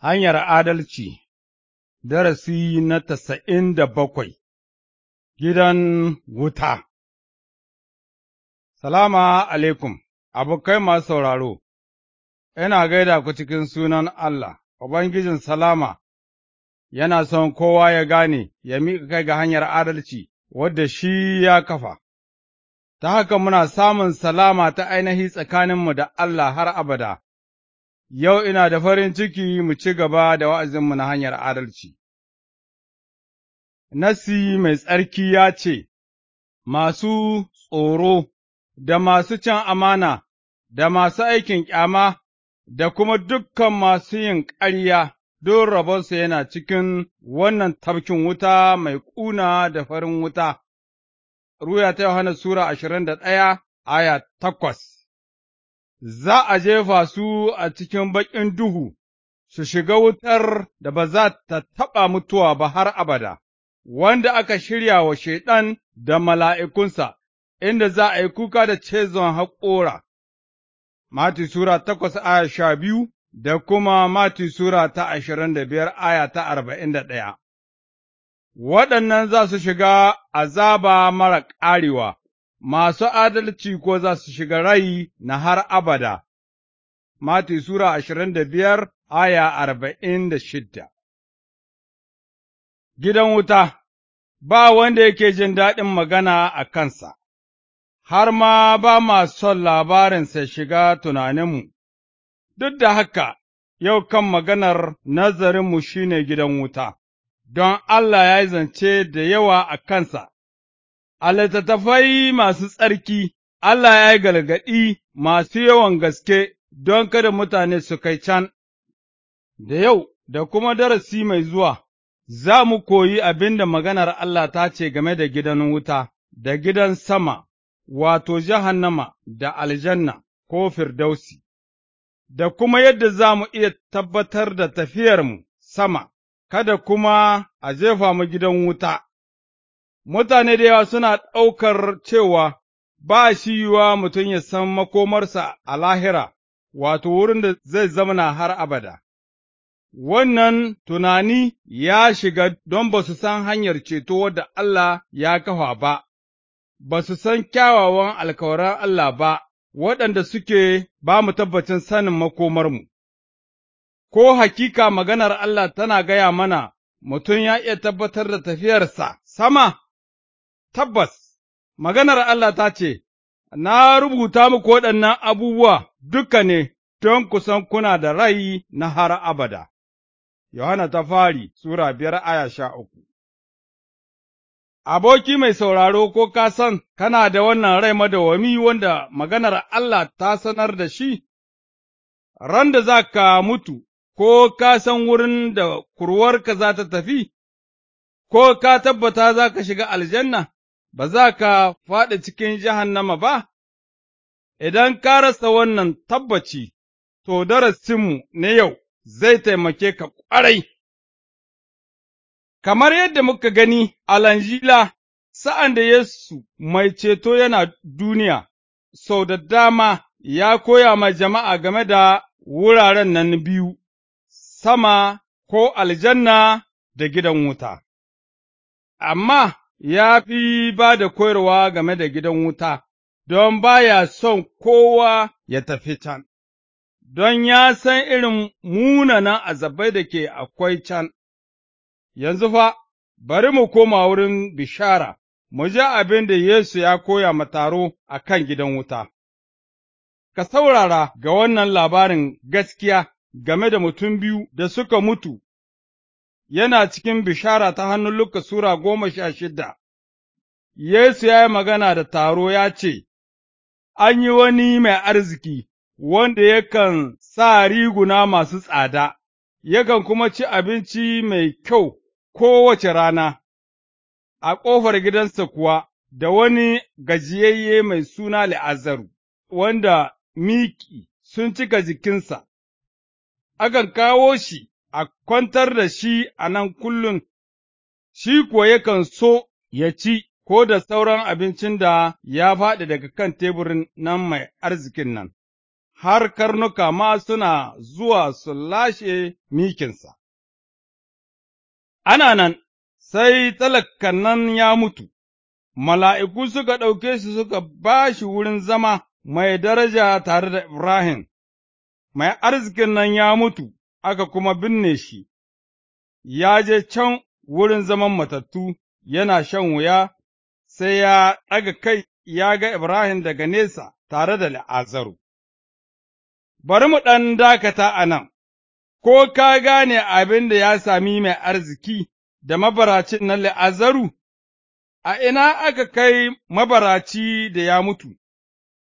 Hanyar Adalci Darasi na tasa'in da bakwai Gidan Wuta Salama alaikum, abokai masu sauraro, ina gaida ku cikin sunan Allah, Ubangijin Salama, yana son kowa ya gane ya miƙa kai ga hanyar adalci wadda shi ya kafa, ta haka muna samun salama ta ainihi tsakaninmu da Allah har abada. Yau ina da farin ciki mu ci gaba da wa'azinmu na hanyar adalci. Nasi mai tsarki ya ce, Masu tsoro, da masu can amana, da masu aikin ƙyama, da kuma dukkan masu yin ƙarya, don rabonsa yana cikin wannan tafkin wuta mai ƙuna da farin wuta. Ruya ta Yohana Sura ashirin da ɗaya, aya takwas. za a jefa su a cikin baƙin duhu, su shiga wutar da ba za ta taɓa mutuwa ba har abada, wanda aka shirya wa Shaiɗan da mala'ikunsa, inda za a yi kuka da cezon haƙora. Mati Sura takwas aya sha biyu da kuma Mati Sura ta ashirin da biyar aya ta arba'in da ɗaya. Waɗannan za su shiga azaba mara ƙarewa. masu adalci ko za su shiga rai na har abada. Mati Sura ashirin da biyar aya arba'in da shidda Gidan wuta ba wanda yake jin daɗin magana a kansa, har ma ba ma son labarinsa shiga tunaninmu, duk da haka yau kan maganar nazarinmu shi ne gidan wuta, don Allah ya yi zance da yawa a kansa, A littattafai masu tsarki, Allah ya yi gargaɗi masu yawan gaske don kada mutane su kai can, da yau da kuma darasi mai zuwa, za mu koyi abin da maganar Allah ta ce game da gidan wuta, da gidan sama, wato jahannama da aljanna ko firdausi, da kuma yadda za mu iya tabbatar da tafiyarmu sama, kada kuma a jefa mu gidan wuta. mutane da yawa suna ɗaukar cewa ba shi yiwa mutum ya san makomarsa a lahira, wato wurin da zai zamana har abada. Wannan tunani ya shiga don ba su san hanyar ceto wadda Allah ya kafa ba, ba su san kyawawan alkawaran Allah ba, waɗanda suke ba mu tabbacin sanin makomarmu. Ko hakika maganar Allah tana gaya mana mutum ya iya tabbatar da tafiyarsa sama, tabbas, maganar Allah ta ce, Na rubuta muku waɗannan abubuwa duka ne don ku san kuna da rai na har abada. Yohana ta fari Sura biyar aya sha uku Aboki mai sauraro ko ka san kana da wannan rai madawami wanda maganar Allah ta sanar da shi, ran da za ka mutu ko ka san wurin da kurwarka za ta tafi, ko ka tabbata za ka shiga aljanna, ba za ka faɗi cikin jahannama ba? Idan ka rasa wannan tabbaci, to darasinmu na yau zai taimake ka ƙwarai. Kamar yadda muka gani a Lanjila, sa'an da Yesu mai ceto yana duniya, sau da dama ya koya ma jama'a game da wuraren nan biyu, sama ko aljanna da gidan wuta. Amma ya fi ba da koyarwa game da gidan wuta, don ba ya son kowa ya tafi can, don ya san irin munanan azabai da ke akwai can. Yanzu fa, bari mu koma wurin bishara, mu ji abin da Yesu ya koya ma taro a kan gidan wuta. Ka saurara ga wannan labarin gaskiya game da mutum biyu da suka mutu yana cikin bishara ta hannun Luka Sura goma sha shida, Yesu ya yi magana da taro ya ce, An yi wani mai arziki wanda yakan sa riguna masu tsada, yakan kuma ci abinci mai kyau kowace rana, a ƙofar gidansa kuwa da wani gajiyayye mai suna la'azaru, wanda miki sun cika jikinsa, akan kawo shi a kwantar da shi a nan kullum, shi kuwa yakan so ya ci ko da sauran abincin da ya faɗi daga kan teburin nan mai arzikin nan, har karnuka ma suna zuwa su lashe mikinsa. Ana nan, sai talakan nan ya mutu, mala'iku suka ɗauke shi suka ba shi wurin zama mai daraja tare da Ibrahim, mai arzikin nan ya mutu, aka kuma binne shi, ya je can wurin zaman matattu yana shan wuya, sai ya ɗaga kai ya ga Ibrahim daga nesa tare da la'azaru. Bari mu ɗan dakata a nan, ko ka gane abin da ya sami mai arziki da mabaracin na la'azaru, a ina aka kai mabaraci da ya mutu,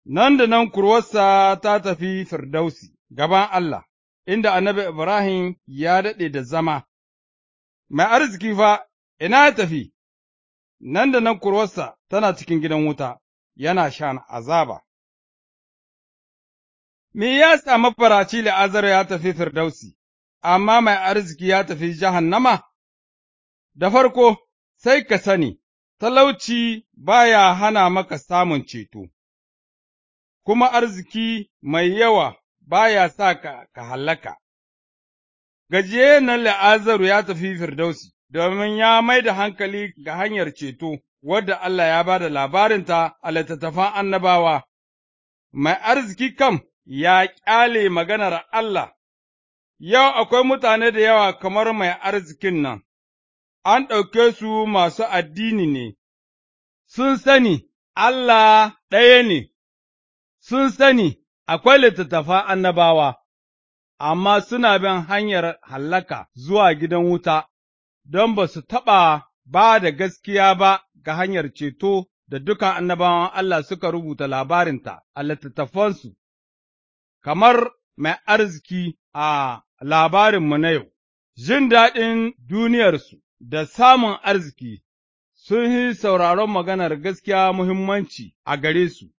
nan da nan kurwarsa ta tafi firdausi gaban Allah. inda annabi Ibrahim ya daɗe da zama, mai arziki fa ina ya tafi, nan da nan kurwarsa tana cikin gidan wuta, yana shan azaba. Me ya sa mafaraci la'azar ya tafi Firdausi, amma mai arziki ya tafi jahannama? Da farko, sai ka sani, talauci baya hana maka samun ceto, kuma arziki mai yawa ba ya sa ka, ka hallaka. Gajiye nan la'azaru ya tafi Firdausi, domin ya mai da hankali ga hanyar ceto, wadda Allah ya ba da labarinta a littattafan annabawa, mai arziki kam ya ƙyale maganar Allah, yau akwai mutane da yawa kamar mai arzikin nan, an ɗauke su masu addini ne, sun sani Allah ɗaya ne, sun sani akwai littattafan annabawa, amma suna bin hanyar hallaka zuwa gidan wuta, don ba su taɓa ba da gaskiya ba ga hanyar ceto da dukan annabawan Allah suka rubuta labarinta a littattafansu, kamar mai arziki a labarinmu na yau, jin daɗin duniyarsu da samun arziki sun yi sauraron maganar gaskiya muhimmanci a gare su.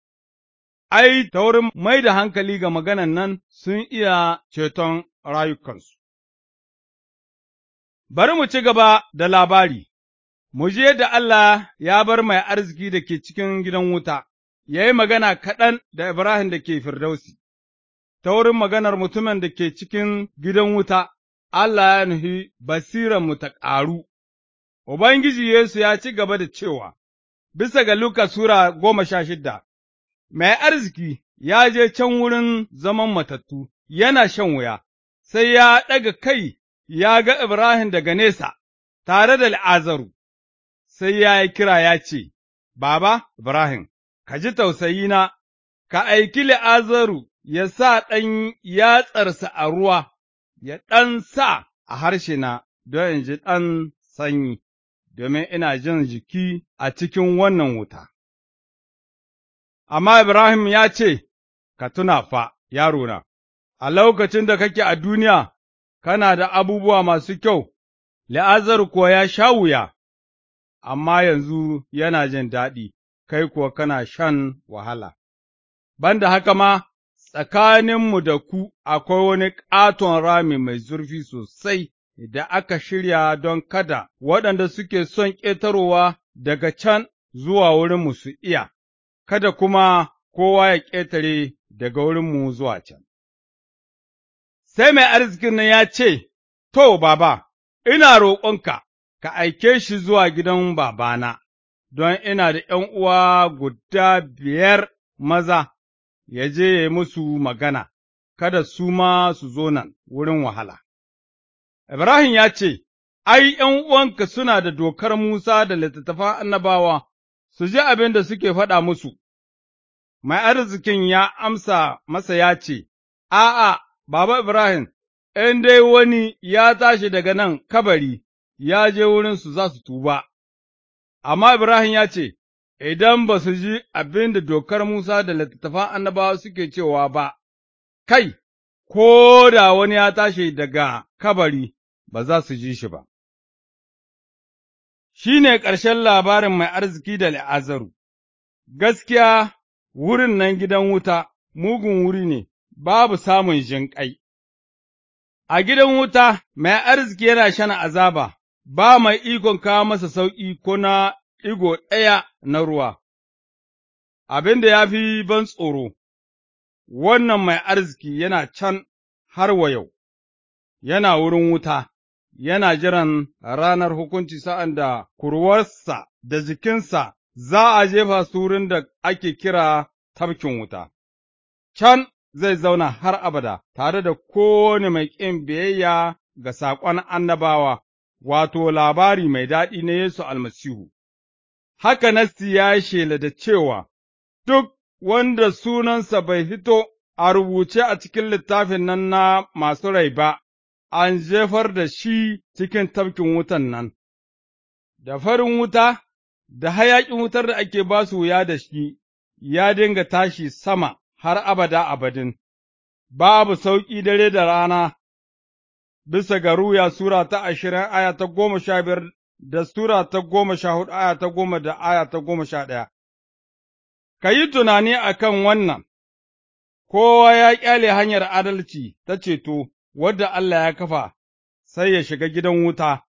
ai, ta wurin mai da hankali ga maganan nan sun iya ceton rayukansu. Bari mu ci gaba da labari, mu je da Allah ya bar mai arziki da ke cikin gidan wuta, ya yi magana kaɗan da Ibrahim da ke Firdausi, ta wurin maganar mutumin da ke cikin gidan wuta, Allah ya nufi mu ta ƙaru. Ubangiji Yesu ya ci gaba da cewa, bisa ga Luka Sura goma sha shidda, mai arziki ya je can wurin zaman matattu, yana shan wuya, sai ya ɗaga kai ya ga Ibrahim daga nesa, tare da la'azaru, sai ya yi kira ya ce, Baba Ibrahim, ka ji tausayi na ka aiki la'azaru ya sa ɗan yatsarsa a ruwa, ya ɗan sa a harshena don in ji ɗan sanyi, domin ina jin jiki a cikin wannan wuta. amma Ibrahim ya ce, Ka tuna fa, yarona, a lokacin da kake a duniya, kana da abubuwa masu kyau, la'azar kuwa ya sha wuya, amma yanzu yana jin daɗi, kai kuwa kana shan wahala. Banda haka ma, tsakaninmu da ku akwai wani ƙaton rami mai zurfi sosai da aka shirya don kada waɗanda suke son ƙetarowa daga can zuwa wurinmu su iya. kada kuma kowa ya ƙetare daga wurinmu zuwa can. Sai mai arzikin nan ya ce, To, baba, ina roƙonka, ka aike shi zuwa gidan babana, don ina da ’yan uwa guda biyar maza, ya je ya musu magana, kada su ma su zo nan wurin wahala. Ibrahim ya ce, Ai, ’yan uwanka suna da dokar Musa da littattafan annabawa, su ji abin da suke faɗa musu, mai arzikin ya amsa masa ya ce, A'a, Baba Ibrahim, in dai wani ya tashi daga nan kabari, ya je wurinsu za su tuba. Amma Ibrahim ya ce, Idan ba su ji abin da dokar Musa da littattafan annabawa suke cewa ba, kai, ko da wani ya tashi daga kabari, ba za su ji shi ba. Shi ne ƙarshen labarin mai arziki da la'azaru, gaskiya wurin nan gidan wuta mugun wuri ne, babu samun jinƙai. A gidan wuta mai arziki yana shan azaba, ba mai ikon kawo masa sauƙi ko na ɗigo ɗaya na ruwa. Abin da ya fi ban tsoro, wannan mai arziki yana can har wa yau, yana wurin wuta, yana jiran ranar hukunci sa'an da kurwarsa da jikinsa za a jefa su wurin da ake kira tafkin wuta, can zai zauna har abada tare da kowane mai ƙin biyayya ga saƙon annabawa, wato labari mai daɗi na Yesu almasihu. Haka Nasti ya shela da cewa, Duk wanda sunansa bai fito a rubuce a cikin littafin nan na masu rai ba, an jefar da shi cikin tafkin wutan nan, da farin wuta da hayaƙin wutar da ake ba su wuya da shi ya dinga tashi sama har abada abadin, babu sauƙi dare da rana, bisa ga ruya Sura ta ashirin aya ta goma sha biyar da Sura ta goma sha hudu aya ta goma da aya ta goma sha ɗaya. Ka yi tunani a kan wannan, kowa ya ƙyale hanyar adalci ta ceto wadda Allah ya kafa, sai ya shiga gidan wuta,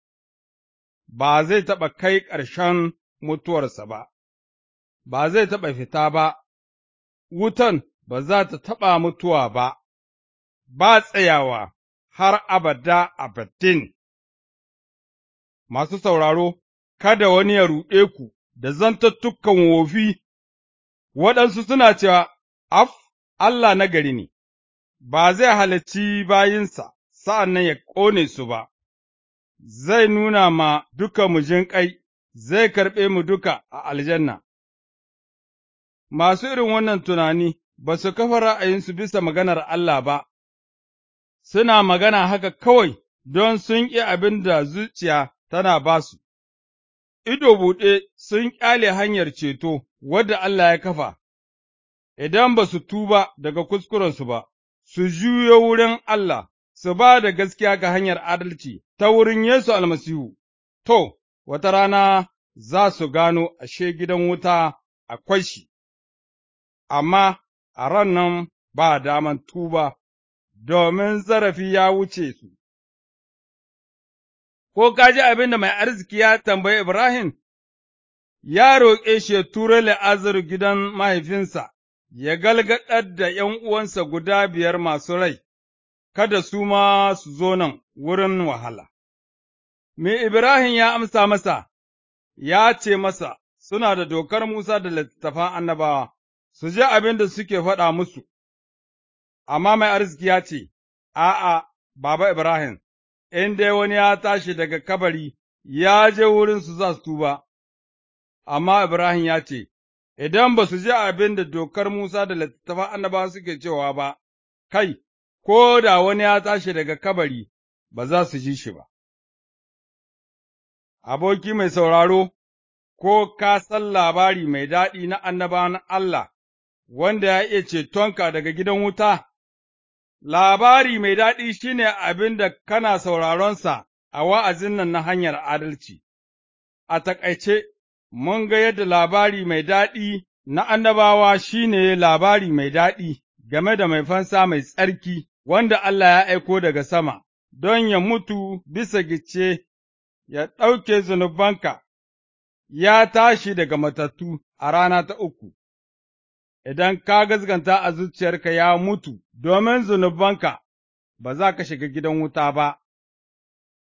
ba zai taɓa kai ƙarshen mutuwarsa ba, ba zai taɓa fita ba, wutan ba za ta taɓa mutuwa ba, ba tsayawa har abada abadin. Masu sauraro, kada wani ya ruɗe ku da zantattukan wofi, waɗansu suna cewa, Af, Allah na gari ne, ba zai halarci bayinsa sa'an nan ya ƙone su ba, zai nuna ma duka mujin ƙai zai karɓe mu duka a aljanna. Masu irin wannan tunani ba su kafa ra'ayinsu bisa maganar Allah ba, suna magana haka kawai don sun ƙi abin da zuciya tana ba su, ido buɗe sun ƙyale hanyar ceto wadda Allah ya kafa, idan ba su tuba daga kuskurensu ba, su juyo wurin Allah, su ba da gaskiya ga hanyar adalci ta wurin Yesu almasihu, to, wata rana za su gano ashe gidan wuta akwai shi, amma a ran nan ba daman tuba, domin zarafi ya wuce su. Ko ka ji abin da mai arziki ya tambayi Ibrahim, ya roƙe shi ya tura la'azar gidan mahaifinsa, ya galgaɗar da ’yan uwansa guda biyar masu rai, kada su ma su zo nan wurin wahala. Me Ibrahim ya amsa masa, ya ce masa, Suna da dokar Musa da littattafan annabawa, su ji abin da suke faɗa musu, amma mai arziki ya ce, A'a, Baba Ibrahim, in dai wani ya tashi daga kabari, ya je wurin su za su tuba, amma Ibrahim ya ce, Idan ba su ji abin da dokar Musa da littattafan annabawa suke cewa ba, kai, ko da wani ya tashi daga kabari, ba za su ji shi ba. Aboki mai sauraro, ko ka san labari mai daɗi na annabawan Allah, wanda ya iya cetonka daga gidan wuta? Labari mai daɗi shi ne abin da kana sauraronsa a wa'azin nan na hanyar adalci, a taƙaice, mun ga yadda labari mai daɗi na annabawa shi ne labari mai daɗi game da mai fansa mai tsarki wanda Allah ya aiko daga sama don ya mutu bisa gice ya ɗauke zunubanka, ya tashi daga matattu a rana ta uku, idan ka gaskanta a zuciyarka ya mutu domin zunubanka, ba za ka shiga gidan wuta ba,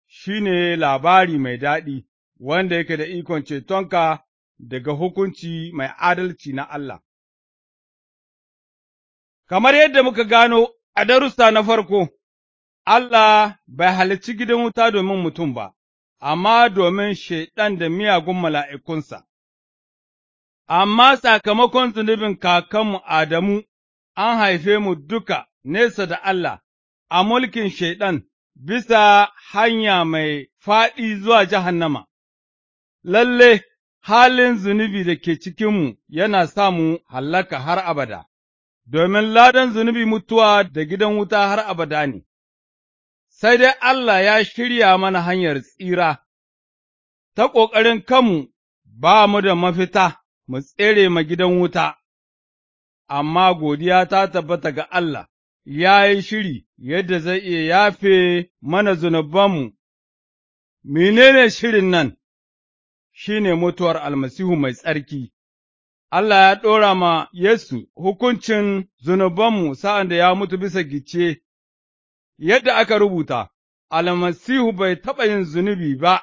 shi ne labari mai daɗi wanda yake da ikon cetonka daga hukunci mai adalci na Allah. Kamar yadda muka gano a darussa na farko, Allah bai halicci gidan wuta domin mutum ba. amma domin Shaiɗan da miyagun mala'ikunsa. Amma sakamakon zunubin kakanmu Adamu, an haife mu duka nesa da Allah, a mulkin Shaiɗan bisa hanya mai faɗi zuwa jahannama. Lalle, halin zunubi da ke cikinmu yana samu hallaka har abada, domin ladan zunubi mutuwa da gidan wuta har abada ne. sai dai Allah ya shirya mana hanyar tsira, ta ƙoƙarin kanmu ba mu da mafita mu tsere ma gidan wuta, amma godiya ta tabbata ga Allah, ya yi shiri yadda zai iya yafe mana zunubanmu, menene shirin nan? Shi ne mutuwar almasihu mai tsarki. Allah ya ɗora ma Yesu hukuncin zunubanmu sa'an da ya mutu bisa gice yadda aka rubuta, Almasihu bai taɓa yin zunubi ba,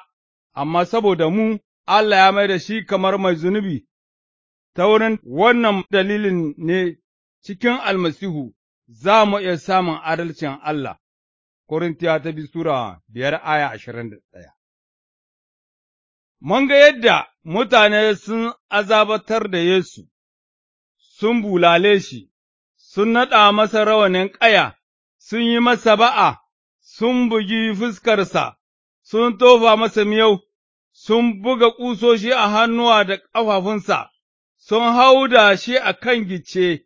amma saboda mu, Allah ya mai da shi kamar mai zunubi, ta wurin wannan dalilin ne cikin Almasihu za mu iya samun adalcin Allah, Korintiya ta bi Sura biyar aya ashirin da ɗaya. Mun ga yadda mutane sun azabatar da Yesu, sun bulale shi, sun naɗa masa rawanin ƙaya, sun yi masa ba'a, sun bugi fuskarsa, sun tofa masa miyau, sun buga ƙusoshi a hannuwa da ƙafafunsa, sun hauda shi a kan gice,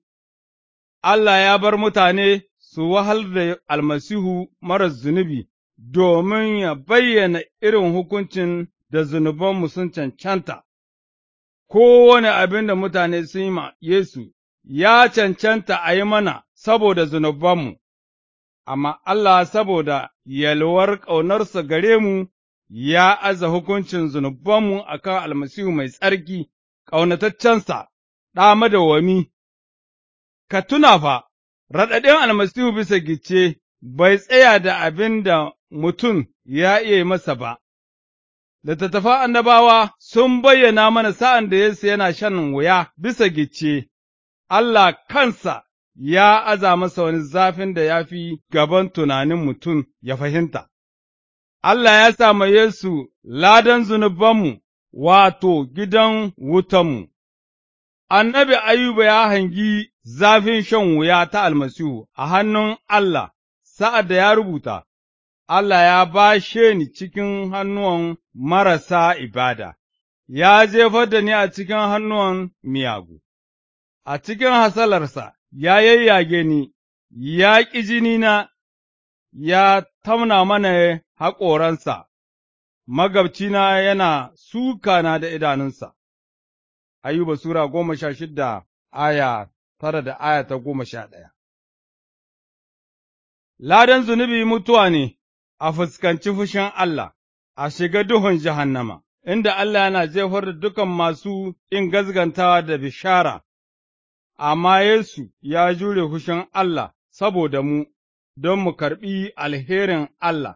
Allah ya bar mutane su wahal da almasihu marar zunubi domin ya bayyana irin hukuncin da zunubanmu sun cancanta, kowane abin da mutane sun yi ma Yesu ya cancanta a yi mana saboda zunubanmu. amma Allah saboda yalwar ƙaunarsa gare mu ya aza hukuncin zunubanmu a kan almasihu mai tsarki, ƙaunataccensa, ɗa madawwami. Ka tuna fa, raɗaɗin almasihu bisa gice bai tsaya da abin da mutum ya iya yi masa ba. Littattafan annabawa sun bayyana mana sa'an da Yesu yana shan wuya bisa gice, Allah kansa ya aza masa wani zafin da ya fi gaban tunanin mutum ya fahimta. Allah ya sami Yesu ladan zunubanmu, wato gidan wutanmu. Annabi Ayuba ya hangi zafin shan wuya ta almasihu a hannun Allah, sa'ad da ya rubuta, Allah ya bashe ni cikin hannuwan marasa ibada, ya jefar da ni a cikin hannuwan miyagu. A cikin hasalarsa ya yayyage ni, ya ƙi jinina, ya tamna mana haƙoransa, magabcina yana sukana da idanunsa. Ayuba Sura goma sha shida aya tara da aya ta goma sha ɗaya Ladan zunubi mutuwa ne a fuskanci fushin Allah, a shiga duhun jahannama, inda Allah yana jefar da dukan masu in gazgantawa da bishara amma Yesu ya jure hushin Allah saboda mu, don mu karɓi alherin Allah.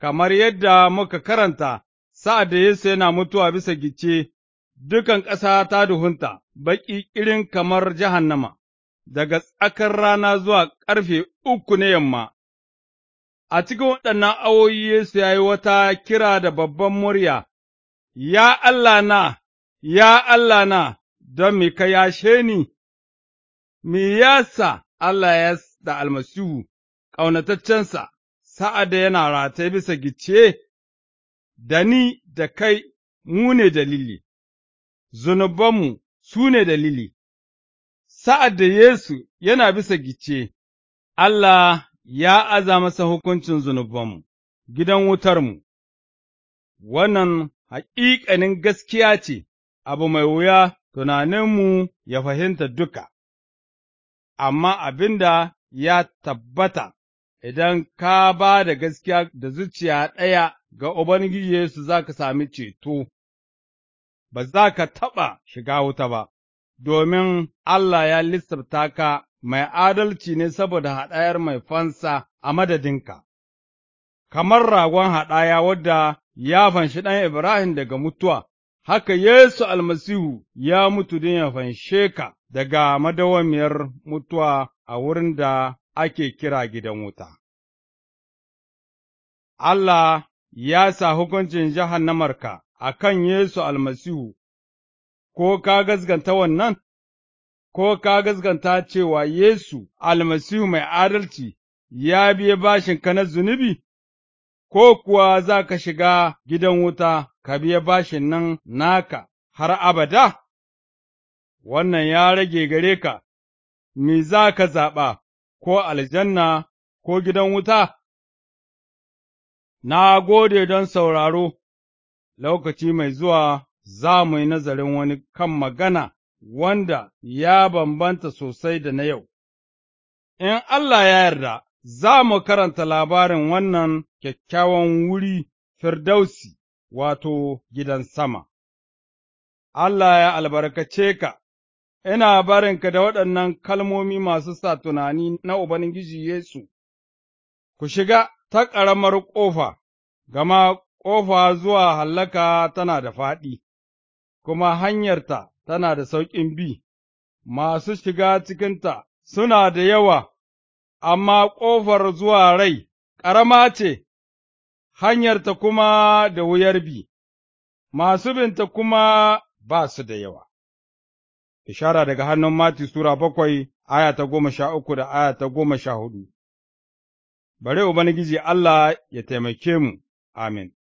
Kamar yadda muka karanta, sa'ad da Yesu yana mutuwa bisa gice, dukan ƙasa ta duhunta, baƙi irin kamar jahannama, daga tsakar rana zuwa ƙarfe uku na yamma. A cikin waɗannan awoyi Yesu ya yi wata kira da babban murya, Ya Allah na, ya Allah na! don me ka yashe ni, me yasa Allah ya da almasihu ƙaunataccensa sa'ad da yana rataye bisa gice, da ni da kai mu ne dalili, zunubanmu su ne dalili, sa'ad da Yesu yana bisa gice, Allah ya aza masa hukuncin zunubanmu, gidan wutarmu, wannan haƙiƙanin gaskiya ce, abu mai wuya tunaninmu ya fahimta duka, amma abin da ya tabbata idan ka ba da gaskiya da zuciya ɗaya ga Ubangiji Yesu za ka sami ceto, ba za ka taɓa shiga wuta ba, domin Allah ya lissafta ka mai adalci ne saboda haɗayar mai fansa a madadinka, kamar ragon haɗaya wadda ya fanshi ɗan Ibrahim daga mutuwa, haka Yesu almasihu ya mutu don ya fanshe ka daga madawamiyar mutuwa a wurin da ake kira gidan wuta. Allah ya sa hukuncin jahannamarka a kan Yesu almasihu, ko ka gaskanta wannan? Ko ka gaskanta cewa Yesu almasihu mai adalci ya biya bashinka na zunubi? ko kuwa za ka shiga gidan wuta ka biya bashin nan naka har abada? Wannan ya rage gare ka, me za ka zaɓa, ko aljanna ko gidan wuta? Na gode don sauraro, lokaci mai zuwa za mu yi nazarin wani kan magana wanda ya bambanta sosai da na yau, in Allah ya yarda. za mu karanta labarin wannan kyakkyawan wuri Firdausi, wato, gidan sama. Allah ya albarkace ka, ina barinka da waɗannan kalmomi masu sa tunani na Ubangiji Yesu, ku shiga ta ƙaramar ƙofa, gama ƙofa zuwa hallaka tana da faɗi, kuma hanyarta tana da sauƙin bi, masu shiga cikinta suna da yawa. amma ƙofar zuwa rai ƙarama ce, hanyarta kuma da wuyar bi, masu binta kuma ba su da yawa. Ishara daga hannun Mati Sura bakwai, aya ta goma sha uku da aya ta goma sha hudu. Bari Ubangiji Allah ya taimake mu, amin.